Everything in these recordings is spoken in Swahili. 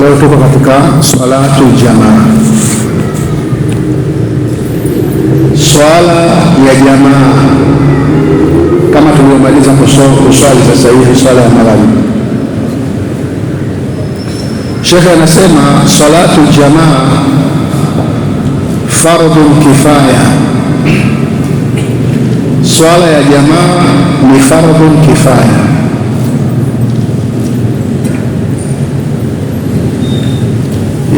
Leo tuko katika swalatu jamaa. Swala ya jamaa kama tuliomaliza kuswali sasa hivi, swala ya magharibi. Shekhe anasema salatu jamaa fardhu kifaya, swala ya jamaa ni fardhu kifaya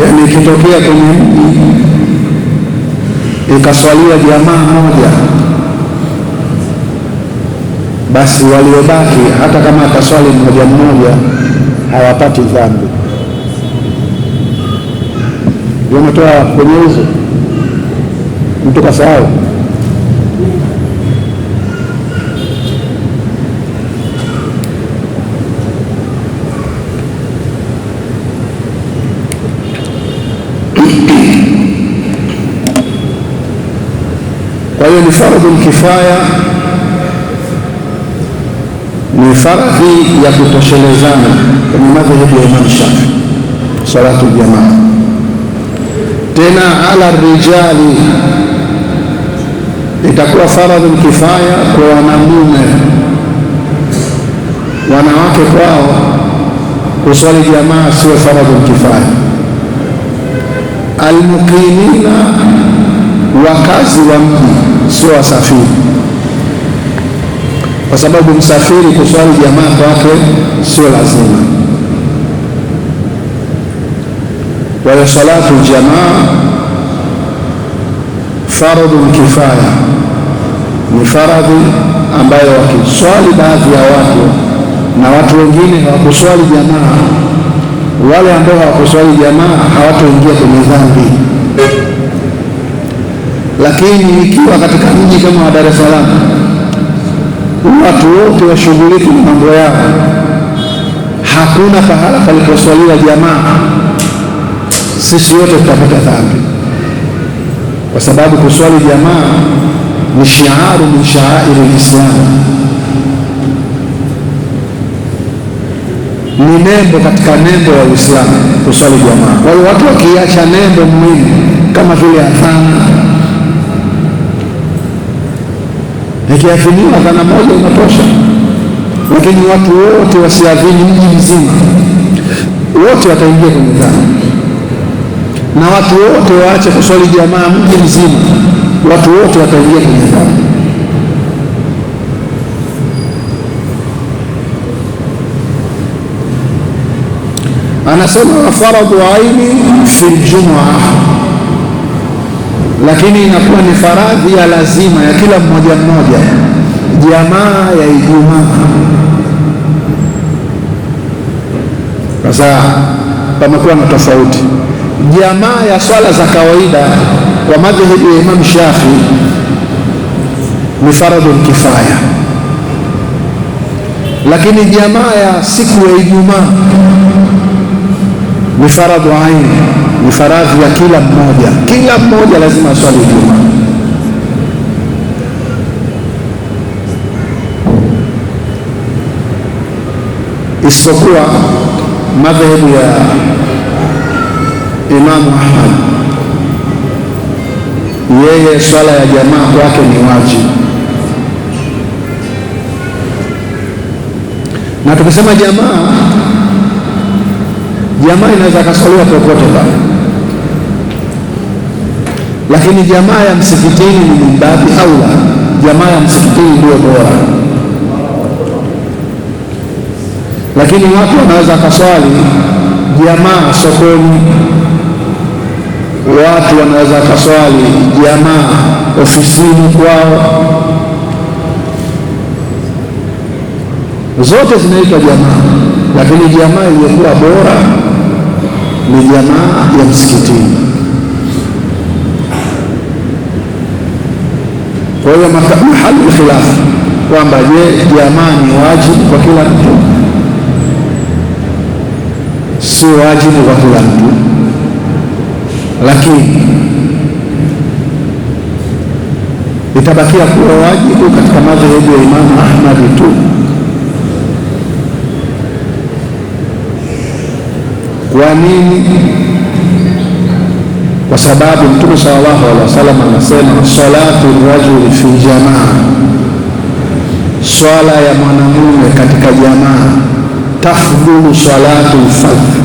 yani ikitokea kwenye mji ikaswaliwa jamaa moja, basi waliobaki hata kama ataswali mmoja mmoja hawapati dhambi. Umetoa kwenye hizo mtu kasahau Kwa hiyo ni fardhu kifaya, ni fardhi ya kutoshelezana kama madhehebu ya Imam Shafi, salatu jamaa. Tena ala rijali itakuwa fardhu kifaya kwa wanamume, wanawake kwao kuswali jamaa sio fardhu kifaya. Almuqimina, wakazi wa mji sio wasafiri, kwa sababu msafiri kuswali jamaa kwake sio lazima. wayo salatu jamaa fardhu kifaya, ni faradhi ambayo wakiswali baadhi ya watu na watu wengine hawakuswali jamaa, wale ambao hawakuswali jamaa hawatoingia kwenye dhambi. Lakini ikiwa katika mji kama wa Dar es Salaam watu wote washughuliki na mambo yao, hakuna pahala paliposwaliwa jamaa, sisi wote tutapata dhambi, kwa sababu kuswali jamaa ni shiaru min shaairi lislam, ni nembo katika nembo ya Uislamu kuswali jamaa. Kwa hiyo watu wakiacha nembo muhimu kama vile adhana Ikiathiriwa dhana moja inatosha, lakini watu wote wasiadhini mji mzima, wote wataingia kwenye dhana, na watu wote waache kuswali jamaa mji mzima, watu wote wataingia kwenye dhana. Anasema faradhu aini fi ljumua lakini inakuwa ni faradhi ya lazima ya kila mmoja mmoja, jamaa ya Ijumaa. Sasa pamekuwa na tofauti. Jamaa ya swala za kawaida kwa madhehebu ya Imam Shafi ni faradhi kifaya, lakini jamaa ya siku ya Ijumaa ni faradhu ain, ni faradhi ya kila mmoja. Kila mmoja lazima aswali Ijumaa. isipokuwa madhehebu ya Imamu Ahmad, yeye swala ya jamaa kwake ni wajibu. Na tukisema jamaa Jamaa inaweza kaswaliwa popote pale, lakini jamaa ya msikitini ni min au la Jamaa ya msikitini ndio bora, lakini watu wanaweza kaswali jamaa sokoni, watu wanaweza kaswali jamaa ofisini kwao, zote zinaitwa jamaa, lakini jamaa iliyokuwa bora ni jamaa ya msikitini. Kwa hiyo mahali khilafu kwamba je, jamaa ni wajibu kwa kila mtu? Si wajibu kwa kila mtu, lakini itabakia kuwa wajibu katika madhehebu ya Imamu Ahmadi tu. Kwa nini? Kwa sababu Mtume sallallahu alaihi wasallam anasema salatu rajuli fi jamaa, swala ya mwanamume katika jamaa tafdhulu salatu lfardhi,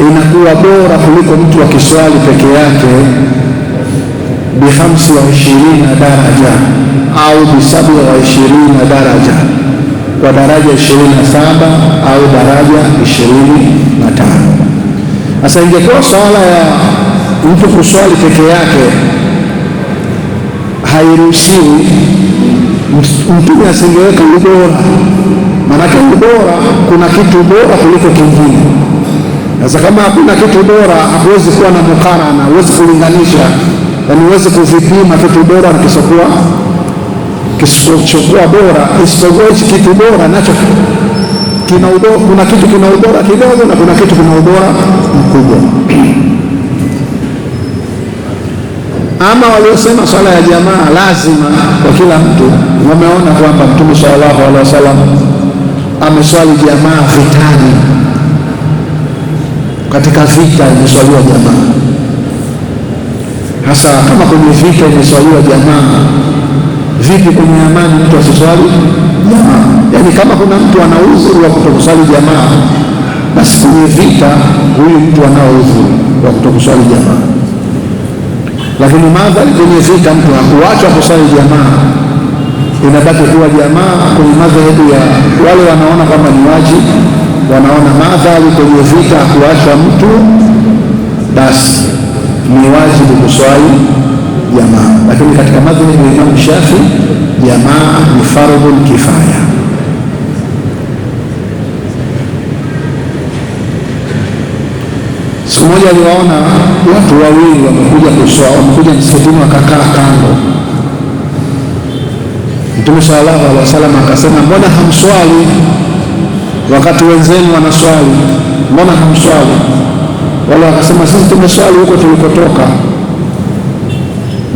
inakuwa bora kuliko mtu akiswali peke yake bi 25 daraja au bi 27 daraja kwa daraja 27 au daraja 25. Sasa ingekuwa swala ya mtu kuswali peke yake hairuhusiwi, Mtume asingeweka ubora, maanake ubora, kuna kitu bora kuliko kingine. Sasa kama hakuna kitu bora, hakuwezi kuwa na mukarana, huwezi kulinganisha, yaani huwezi kuvipima kitu bora na kisokuwa kisichokuwa bora, isipokuwa hichi kitu bora nacho kina ubora, kuna kitu kina ubora kidogo na kuna kitu kina ubora mkubwa. Ama waliosema swala ya jamaa lazima kwa kila mtu, wameona kwamba Mtume sallallahu alaihi wasallam ameswali jamaa vitani, katika vita imeswaliwa jamaa, hasa kama kwenye vita imeswaliwa jamaa Vipi kwenye amani mtu asiswali jamaa? Yaani kama kuna mtu ana udhuru wa kutokuswali jamaa, basi kwenye vita huyu mtu anao udhuru wa kutokuswali jamaa, lakini madhari kwenye vita mtu hakuachwa kuswali jamaa, inabaki kuwa jamaa kwenye madhehebu ya wale wanaona kama ni wajibu, wanaona madhari kwenye vita hakuachwa mtu, basi ni wajibu kuswali jamaa, lakini katika madhhabu ya Imam Shafi jamaa ni fardhul kifaya. Siku moja aliwaona watu wawili wamekuja kuswa, wamekuja msikitini wakakaa kando. Mtume sallallahu alaihi wasallam akasema, mbona hamswali wakati wenzenu wanaswali? Mbona hamswali? Wala wakasema, sisi tumeswali huko tulikotoka.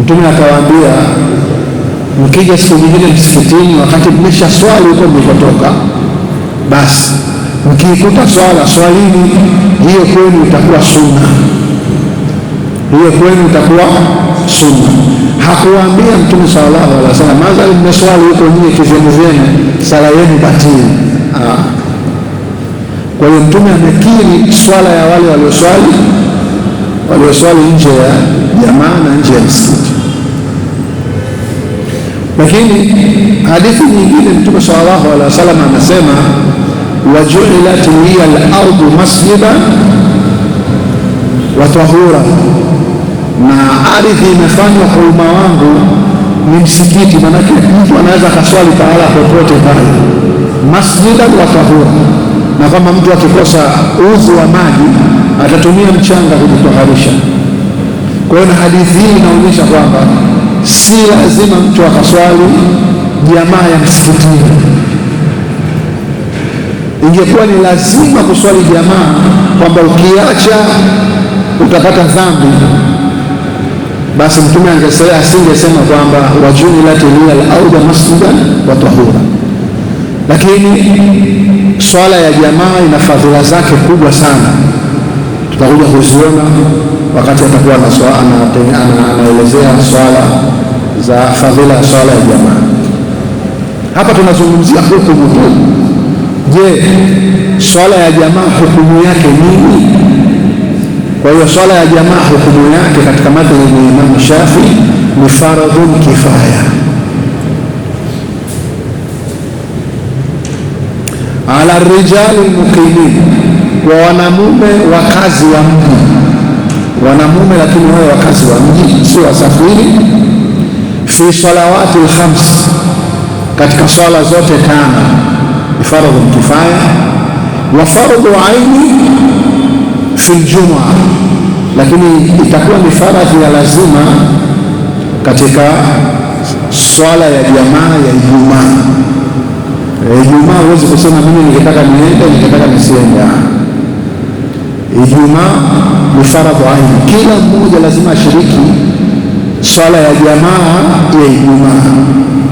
Mtume akawaambia mkija siku nyingine msikitini, wakati mmesha swali huko mlikotoka, basi mkiikuta swala swalini, hiyo kwenu itakuwa sunna, hiyo kwenu itakuwa sunna. Hakuwaambia Mtume sallallahu alaihi wasallam, madhali mmeswali huko nyie kizenu zenu, sala yenu batili. Ah. Kwa hiyo Mtume amekiri swala ya wale walioswali walioswali nje ya jamaa na nje ya msikiti. Lakini hadithi nyingine Mtume sallallahu alaihi wasallam anasema, wajuilat hiya al-ardu masjida wa tahura, na ardhi imefanywa kwa umma wangu ni msikiti. Maanake mtu anaweza akaswali pahala popote pale, masjida wa tahura, na kama mtu akikosa udhu wa maji atatumia mchanga kujitoharisha. Kwa hiyo na hadithi hii inaonyesha kwamba si lazima mtu akaswali jamaa ya msikitini. Ingekuwa ni lazima kuswali jamaa, kwamba ukiacha utapata dhambi, basi Mtume asingesema kwamba wajumilat liyal ardu masjidan wa tahura. Lakini swala ya jamaa ina fadhila zake kubwa sana, tutakuja kuziona wakati atakuwa anaelezea swala za fadhila ya swala ya jamaa. Hapa tunazungumzia hukumu tu. Je, swala ya jamaa hukumu yake nini? Kwa hiyo swala ya jamaa hukumu yake katika madhehebu ya Imamu shafi ni faradhun kifaya ala rijali muqimin, kwa wanamume wakazi wa mji wanamume, lakini wao wakazi wa mji, sio wasafiri. Fi salawati lkhams, katika swala zote tano, fardhu kifaya wa fardhu aini fi ljuma, lakini itakuwa ni faradhi ya lazima katika swala ya jamaa ya Ijumaa. Eh, Ijumaa huwezi kusema mimi nikitaka niende, nikitaka nisiende Ijumaa ni faradhu aini, kila mmoja lazima ashiriki swala ya jamaa ya Ijumaa.